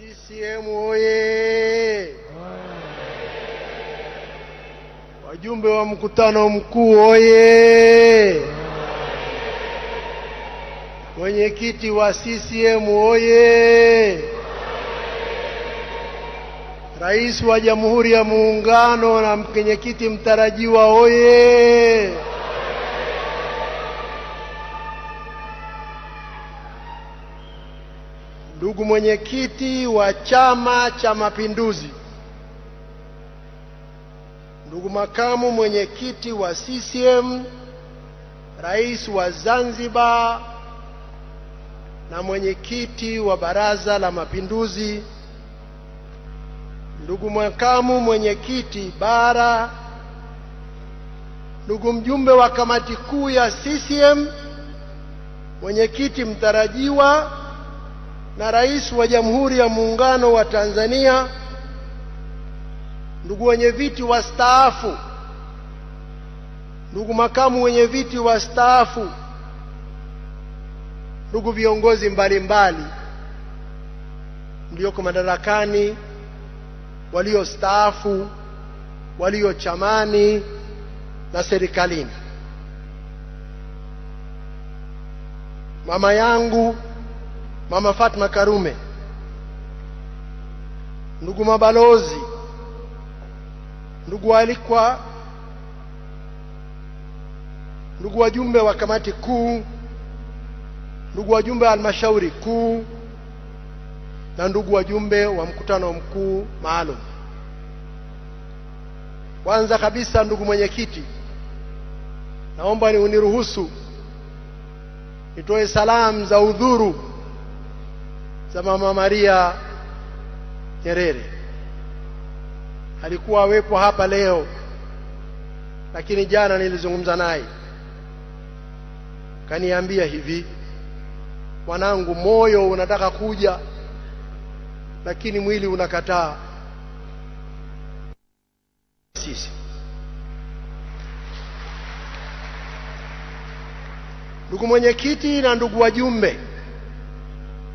CCM oye! Wajumbe wa mkutano mkuu oye! Mwenyekiti wa CCM oye! Rais wa Jamhuri ya Muungano na mwenyekiti mtarajiwa oye! Ndugu mwenyekiti wa Chama cha Mapinduzi, ndugu makamu mwenyekiti wa CCM, rais wa Zanzibar na mwenyekiti wa Baraza la Mapinduzi, ndugu makamu mwenyekiti bara, ndugu mjumbe wa kamati kuu ya CCM, mwenyekiti mtarajiwa na Rais wa Jamhuri ya Muungano wa Tanzania, ndugu wenye viti wastaafu, ndugu makamu wenye viti wastaafu, ndugu viongozi mbalimbali mlioko madarakani, waliostaafu, walio chamani na serikalini, mama yangu mama Fatma Karume, ndugu mabalozi, ndugu waalikwa, ndugu wajumbe wa kamati kuu, ndugu wajumbe wa halmashauri kuu na ndugu wajumbe wa mkutano mkuu maalum. Kwanza kabisa, ndugu mwenyekiti, naomba ni uniruhusu nitoe salamu za udhuru za Mama Maria Nyerere. Alikuwa awepo hapa leo, lakini jana nilizungumza naye, kaniambia hivi, mwanangu, moyo unataka kuja lakini mwili unakataa. Sisi ndugu mwenyekiti na ndugu wajumbe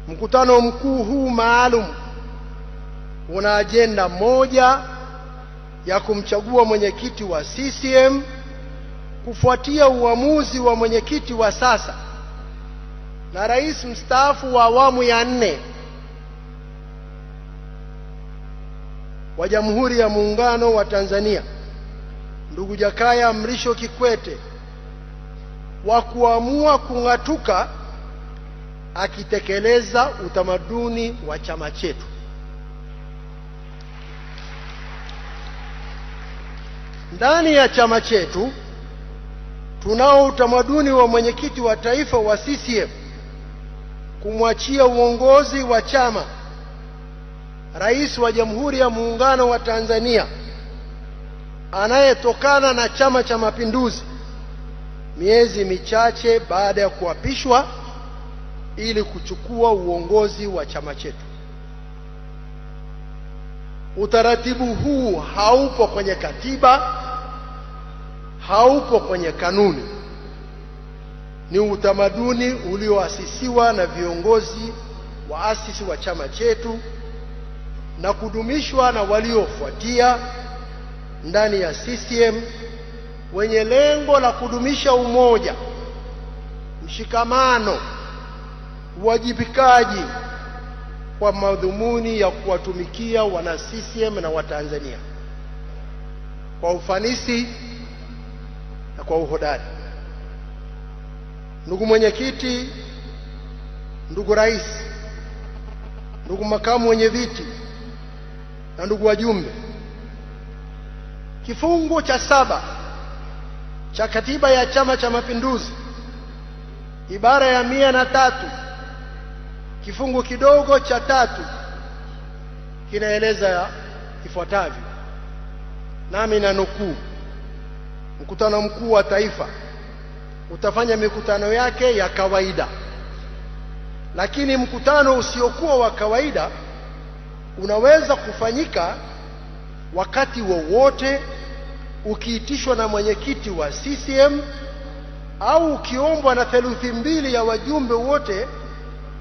Mkutano mkuu huu maalum una ajenda moja ya kumchagua mwenyekiti wa CCM kufuatia uamuzi wa mwenyekiti wa sasa na rais mstaafu wa awamu ya nne wa Jamhuri ya Muungano wa Tanzania ndugu Jakaya Mrisho Kikwete wa kuamua kung'atuka akitekeleza utamaduni wa chama chetu. Ndani ya chama chetu tunao utamaduni wa mwenyekiti wa taifa wa CCM kumwachia uongozi wa chama rais wa Jamhuri ya Muungano wa Tanzania anayetokana na Chama cha Mapinduzi miezi michache baada ya kuapishwa ili kuchukua uongozi wa chama chetu. Utaratibu huu haupo kwenye katiba, haupo kwenye kanuni, ni utamaduni ulioasisiwa na viongozi waasisi wa chama chetu na kudumishwa na waliofuatia ndani ya CCM wenye lengo la kudumisha umoja, mshikamano uwajibikaji kwa madhumuni ya kuwatumikia wana CCM na Watanzania kwa ufanisi na kwa uhodari. Ndugu mwenyekiti, ndugu rais, ndugu makamu wenye viti na ndugu wajumbe, kifungu cha saba cha katiba ya Chama cha Mapinduzi ibara ya mia na tatu Kifungu kidogo cha tatu kinaeleza ifuatavyo, nami na nukuu: mkutano mkuu wa taifa utafanya mikutano yake ya kawaida, lakini mkutano usiokuwa wa kawaida unaweza kufanyika wakati wowote wa ukiitishwa na mwenyekiti wa CCM au ukiombwa na theluthi mbili ya wajumbe wote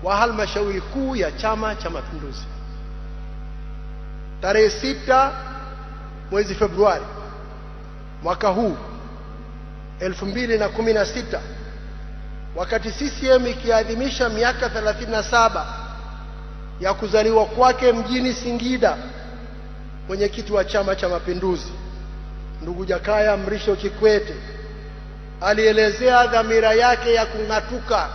wa halmashauri kuu ya Chama cha Mapinduzi tarehe sita mwezi Februari mwaka huu 2016 wakati CCM ikiadhimisha miaka 37 ya kuzaliwa kwake mjini Singida, mwenyekiti wa Chama cha Mapinduzi ndugu Jakaya Mrisho Kikwete alielezea dhamira yake ya kung'atuka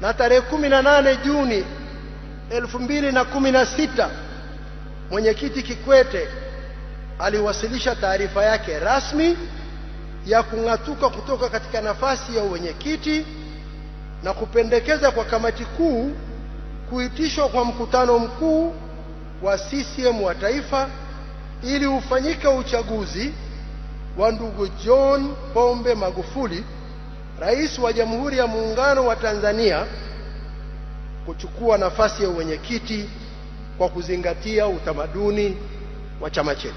na tarehe kumi na nane Juni elfu mbili na kumi na sita mwenyekiti Kikwete aliwasilisha taarifa yake rasmi ya kung'atuka kutoka katika nafasi ya mwenyekiti na kupendekeza kwa kamati kuu kuitishwa kwa mkutano mkuu wa CCM wa taifa ili ufanyike uchaguzi wa ndugu John Pombe Magufuli Rais wa Jamhuri ya Muungano wa Tanzania kuchukua nafasi ya uwenyekiti kwa kuzingatia utamaduni wa chama chetu.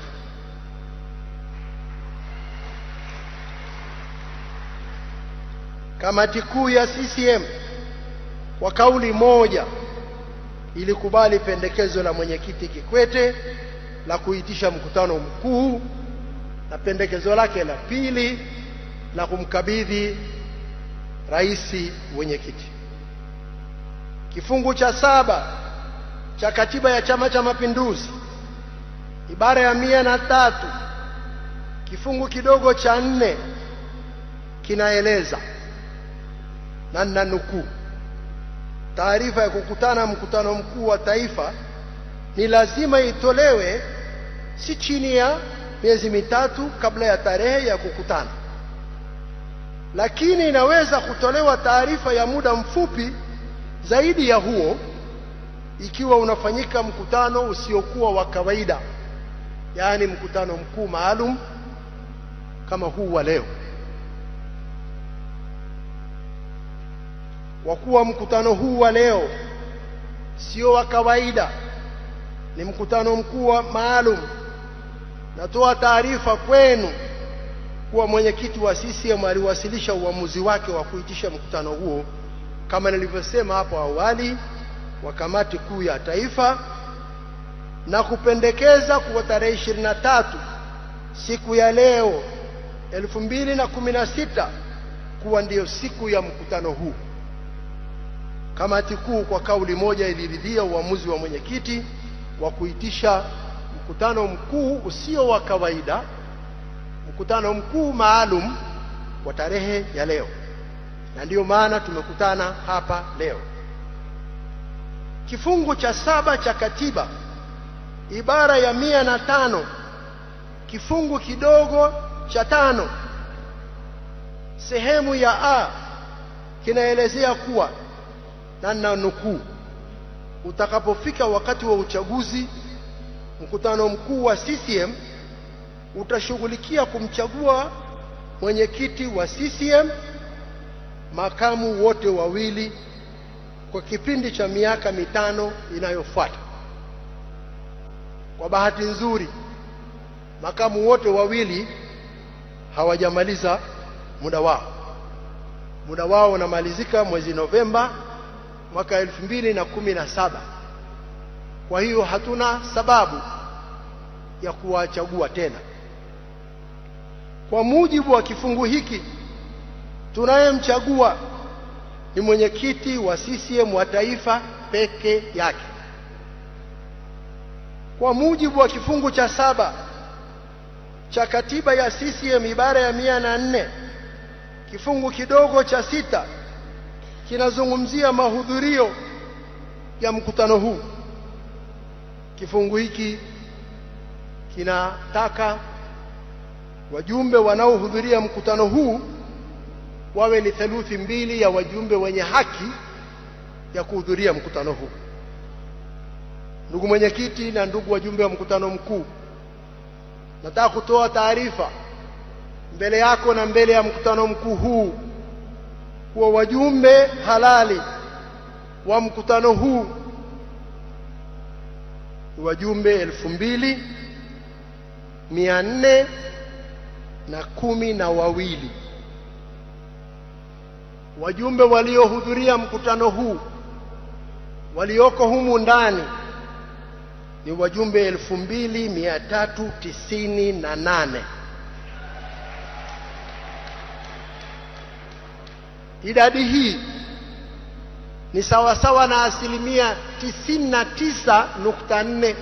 Kamati kuu ya CCM kwa kauli moja ilikubali pendekezo la mwenyekiti Kikwete la kuitisha mkutano mkuu na pendekezo lake la pili la kumkabidhi rais mwenyekiti. Kifungu cha saba cha katiba ya Chama cha Mapinduzi ibara ya mia na tatu kifungu kidogo cha nne kinaeleza na nina nukuu, taarifa ya kukutana mkutano mkuu wa taifa ni lazima itolewe si chini ya miezi mitatu kabla ya tarehe ya kukutana lakini inaweza kutolewa taarifa ya muda mfupi zaidi ya huo ikiwa unafanyika mkutano usiokuwa wa kawaida, yaani mkutano mkuu maalum kama huu wa leo. Kwa kuwa mkutano huu wa leo sio wa kawaida, ni mkutano mkuu maalum, natoa taarifa kwenu kuwa mwenyekiti wa CCM aliwasilisha uamuzi wake wa kuitisha mkutano huo kama nilivyosema hapo awali wa kamati kuu ya taifa na kupendekeza kuwa tarehe 23 siku ya leo 2016 kuwa ndiyo siku ya mkutano huu. Kamati kuu kwa kauli moja iliridhia uamuzi wa mwenyekiti wa kuitisha mkutano mkuu usio wa kawaida mkutano mkuu maalum wa tarehe ya leo, na ndiyo maana tumekutana hapa leo. Kifungu cha saba cha katiba ibara ya mia na tano kifungu kidogo cha tano sehemu ya a kinaelezea kuwa na nukuu utakapofika wakati wa uchaguzi, mkutano mkuu wa CCM utashughulikia kumchagua mwenyekiti wa CCM, makamu wote wawili kwa kipindi cha miaka mitano inayofuata. Kwa bahati nzuri, makamu wote wawili hawajamaliza muda wao. Muda wao unamalizika mwezi Novemba mwaka elfu mbili na kumi na saba. Kwa hiyo hatuna sababu ya kuwachagua tena kwa mujibu wa kifungu hiki tunayemchagua ni mwenyekiti wa CCM wa taifa peke yake. Kwa mujibu wa kifungu cha saba cha katiba ya CCM ibara ya mia na nne kifungu kidogo cha sita kinazungumzia mahudhurio ya mkutano huu. Kifungu hiki kinataka wajumbe wanaohudhuria mkutano huu wawe ni theluthi mbili ya wajumbe wenye haki ya kuhudhuria mkutano huu. Ndugu mwenyekiti na ndugu wajumbe wa mkutano mkuu, nataka kutoa taarifa mbele yako na mbele ya mkutano mkuu huu kuwa wajumbe halali wa mkutano huu ni wajumbe elfu mbili mia nne na kumi na wawili. Wajumbe waliohudhuria mkutano huu walioko humu ndani ni wajumbe elfu mbili mia tatu tisini na nane. Idadi hii ni sawasawa na asilimia 99.4.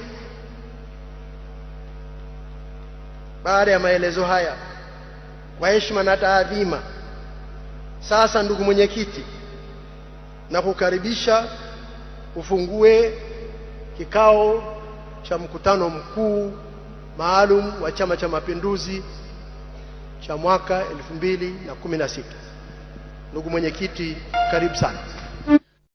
Baada ya maelezo haya wa heshima na taadhima. Sasa ndugu mwenyekiti, na kukaribisha ufungue kikao cha mkutano mkuu maalum wa Chama cha Mapinduzi cha mwaka 2016. Ndugu mwenyekiti, karibu sana.